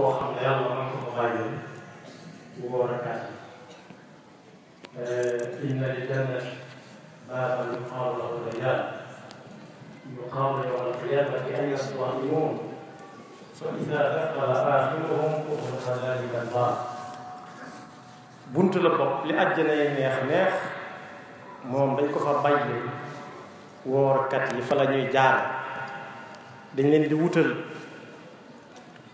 boo xam ne yàlla mën ko bàyyee wóor akaat yi inna li jannat baaban yuqaalu lahu dajjal yuqaalu yawma alqiyamati an yasdu an yuum fa ida daqala axiruhum uxriqa dalika albaab bunt la bopp li àjjana yi neex neex moom dañ ko fa bàyyee woorkat yi fa la ñuy jaar dañ leen di wutal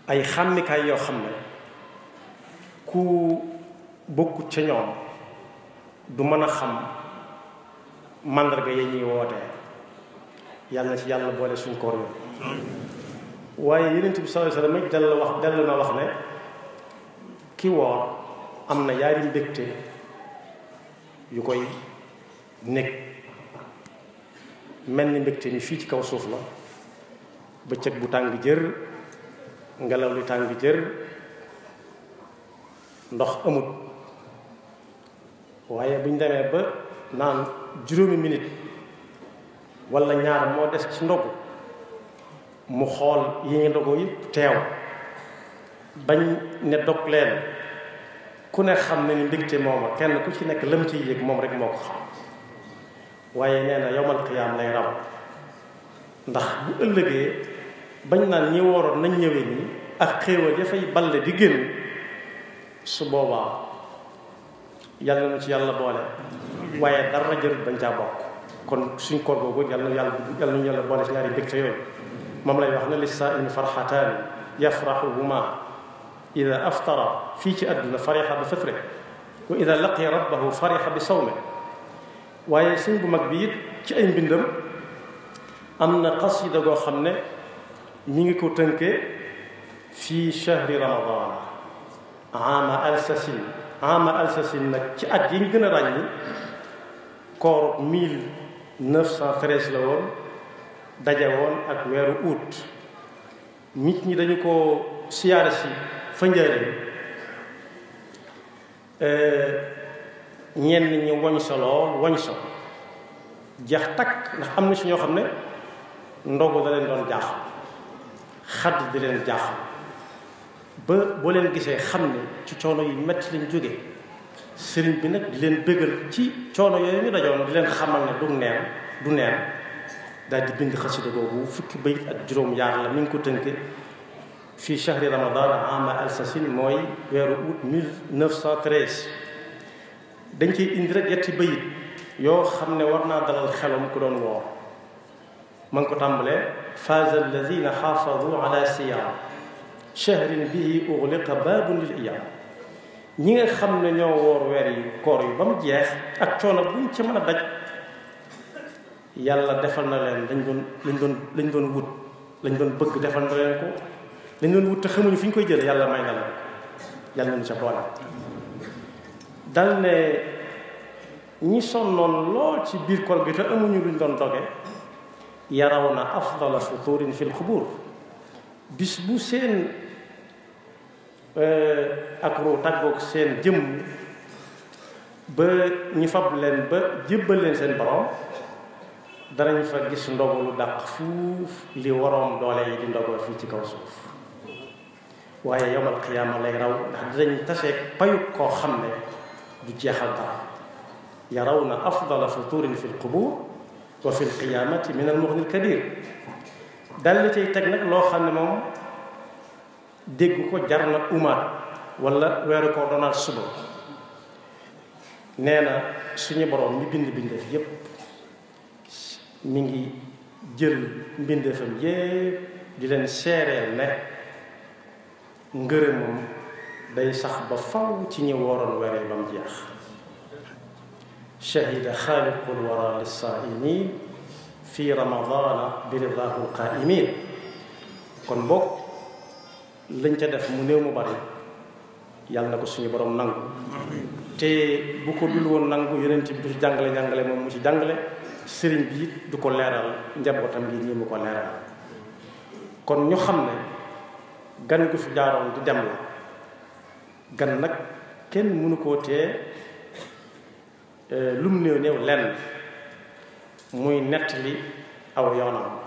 ay xàmmikaay yoo xam ne ku bokkut ca ñoom du mën a xam màndarga yi ñuy wootee yàlla na ci yàlla boole suñ koor yoon waaye yenent bi sallallahu alayhi wasallam dal wax dal na wax ne ki woor am na yaari mbégte yu koy nekk mel ni mbégte ni fii ci kaw suuf la bëccëg bu tàng jër ngelaw li tàng jër ndox amut waaye bu ñu demee ba naan juróomi minit walla ñaar moo des ci ndogu mu xool yi ngi ndogu yëpp teew bañ ne dog leen ku ne xam ne ni mbégte mooma kenn ku ci nekk lam ci yëg moom rek moo ko xam waaye nee na yowmal qiyaam lay raw ndax bu ëllëgee bañ naan ñi wooroon nañ ñëwee nii ak xéewal dafay balle di génn su boobaa yàlla na ci yàlla boole waaye dara jarul bañ caa bokk kon suñ koor googu yàlla na yàlla yàlla nañu yàlla boole ci ñaari mbégte yooyu moom lay wax ne li saa in farxataani yafraxuhuma ida aftara fii ci àdduna farixa bi fitre wa ida laqiya rabbahu farixa bi waaye suñ bu mag bi it ci ay mbindam am na xasida goo xam ne ñu ngi ko tënkee fii chahri ramadan ama alsasin ama alsasin nag ci at yi ñu gën a ràññi koor mille neuf cent treize la woon daje woon ak weeru août nit ñi dañu ko siyaare si fa njëriñ ñenn ñi woñ sa lool woñ jeex takk ndax am na si ñoo xam ne ndogu da leen doon jaaxal xadd di leen jaaxal ba boo leen gisee xam ne ci coono yu metti lañ jóge sëriñ bi nag di leen bëggal ci coono yooyu ñu dajoon di leen xamal ne du neen du neen daal di bind xasida boobu fukki bayit ak juróom yaa la mi ngi ko tënke fii chahri ramadan ama alsasin mooy weeru août 1913 dañ ciy indi rek yetti bayit yoo xam ne war naa dalal xelam ku doon woor ma ngi ko tàmbalee faaza alladina xaafadu ala siyaam shahrin bihi ugliqa baabun lil iyaam ñi nga xam ne ñoo woor weer yi koor yu ba mu jeex ak coono buñ ci mën a daj yàlla defal na leen lañ doon lañ doon lañ doon wut lañ doon bëgg defal na leen ko lañ doon wut te xamuñu fi ñu koy jël yàlla may na la yàlla nañu ca boole dal ne ñi sonnoon lool ci biir koor gi te amuñu luñ doon doge yaraw na afdala futurin fi lxubur bis bu seen eh, ak ru tàggoog seen jëmm ba ñu fab leen ba jébbal leen seen borom danañ fa gis ndogu lu dàq fuuf li waroom doole yi di ndogoo fii ci kaw suuf waaye yowmal qiyaama lay raw ndax dinañ taseeg payu koo xam ne du jeexal dara yaraw na afdala futurin fi lxubur wa fil qiyaamati min al muxnil kabir dal li cay teg nag loo xam ne moom dégg ko jar na umaat wala weeru ko donaat suba nee na suñu borom mi bind bindeef yépp mi ngi jël mbindeefam yépp di leen seereel ne ngërëmam day sax ba faw ci ñi waroon weree ba jeex شهد خالق الورى للصائمين في رمضان برضاه القائمين kon bokk lañ ca def mu néew mu bari yàlla na ko suñu borom nangu te bu ko dul woon nangu yonent bi du ci jàngale jàngale moom mu ci jàngale sëriñ bi du ko leeral njabootam gi nii mu ko leeral kon ñu xam ne gan gu fi jaaroon di dem la gan nag kenn mënu koo tee Euh, lum néew néew lenn muy nettali aw yoonam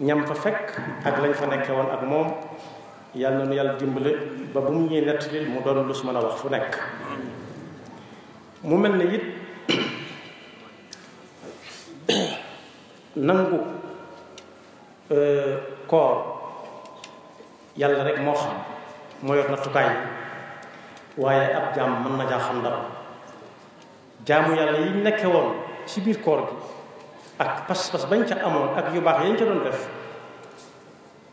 ñam fa fekk ak lañ fa nekkee woon ak moom yàlla nu yàlla dimbale ba bu mu ñuy nettali mu doon lu su a wax fu nekk mu mel ne it nangu euh, koor yàlla rek moo xam moo nattukaay waaye ab jaam mën na jaa xam dara jaamu yàlla yi nekke woon si biir koor gi ak pas-pas bañ ca amoon ak yu baax yañ ca doon def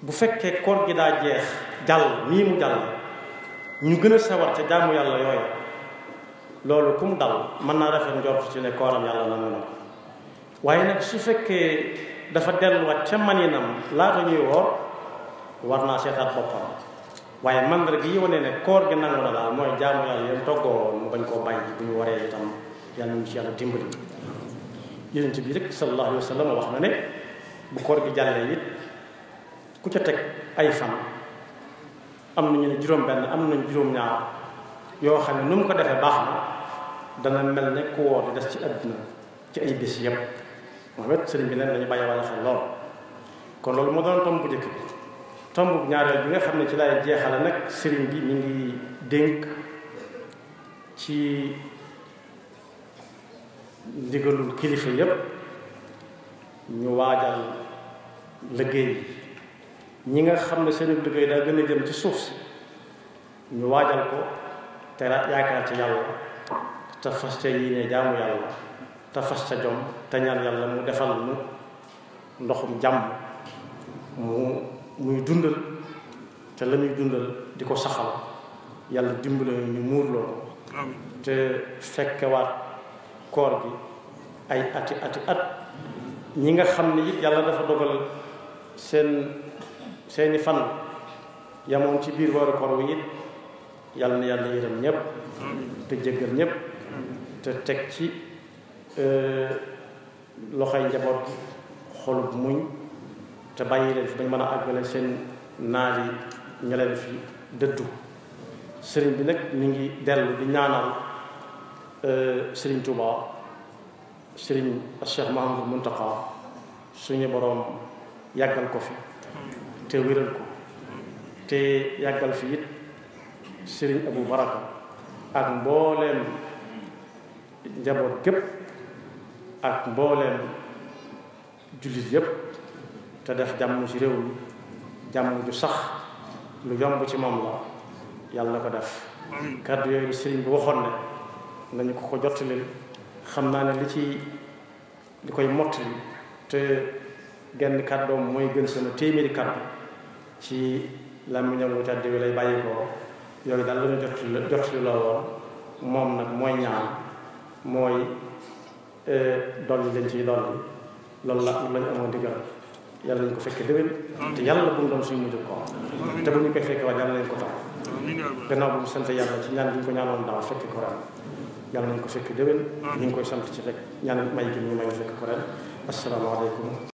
bu fekkee koor gi daa jeex jàll nii mu jàll ñu gën a sawar ca jaamu yàlla yooyu loolu ku mu dal mën naa rafet njort ci ne kooram yàlla nangu na waaye nag su fekkee dafa delluwaat ca maninam laata ñuy woo war naa seetaat boppam waaye mandarga yi wane ne koor gi nangu na daal mooy jaamu yàlla yéen toggoo woon mu bañ koo bàyyi bu ñu waree itam yàlla nañu ci yàlla dimbali yonent bi rek sallallahu alayhi wa sallam wax na ne bu koor gi jàllee it ku ca teg ay fan am nañu ne juróom-benn am nañu juróom-ñaar yoo xam ne nu mu ko defee baax na dana mel ne ku woor di des ci àdduna ci ay bés yépp moom it sëriñ bi neen dañu bàyyi wala xel lool kon loolu moo doon tomb bu njëkk bi tomb bu ñaareel bi nga xam ne ci laay jeexale nag sëriñ bi mi ngi dénk ci ndigalul kilifa yépp ñu waajal liggéey ñi nga xam ne seen liggéey daa gën a jëm ci suuf si ñu waajal ko te yaakaar ci yàlla te fas ca yii te fas yàlla mu defal mu ndoxum jàmm mu muy dundal te la muy dundal di ko saxal yàlla dimbale ñu muur loolu te fekkewaat koor gi ay ati ati at ñi nga xam ne it yàlla dafa dogal seen seeni fan yamoon ci biir weeru koor wi yàlla na yàlla yërëm ñëpp te jéggal ñépp te teg ci e, loxooy njaboot xolub muñ te bàyyi leen fi bañ mën a àggale seen naar yi ñu leen fi dëddu sëriñ bi nag mi ngi dellu di ñaanal Eh, sëriñ Touba sëriñ Cheikh Mahamadou Mountakha suñu boroom yàggal ko fi te wéral ko te yàggal fi it sëriñ Abou Baraka ak mbooleem njaboot gépp ak mbooleem jullit yépp te def jàmm ci réew mi jàmm ju sax lu yomb ci moom la yàlla ko def kàddu yooyu sëriñ bi waxoon ne nañu ko ko jottalil xam naa ne li ci li koy mottali te genn kàddoom mooy gën sama téeméeri kàddu ci làmmiñam wu tedd wi lay bàyyi ko yooyu daal la ñu jot jotali loo woon moom nag mooy ñaan mooy e, dolli lañ ciy dolli loolu la lañ amoon digal yàlla nañ ko fekke déwén te yàlla bu mu doon suñu mujj ko te bu ñu koy fekke waat yàlla nañ ko tax gannaaw bu mu sant yàlla ci ñaan bi ñu ko ñaanoon daaw fekke ko ren yàlla nañ ko fekk déwén ñu koy sant ci rek ñaan may gi ñu may fekk ko ren asalaamaaleykum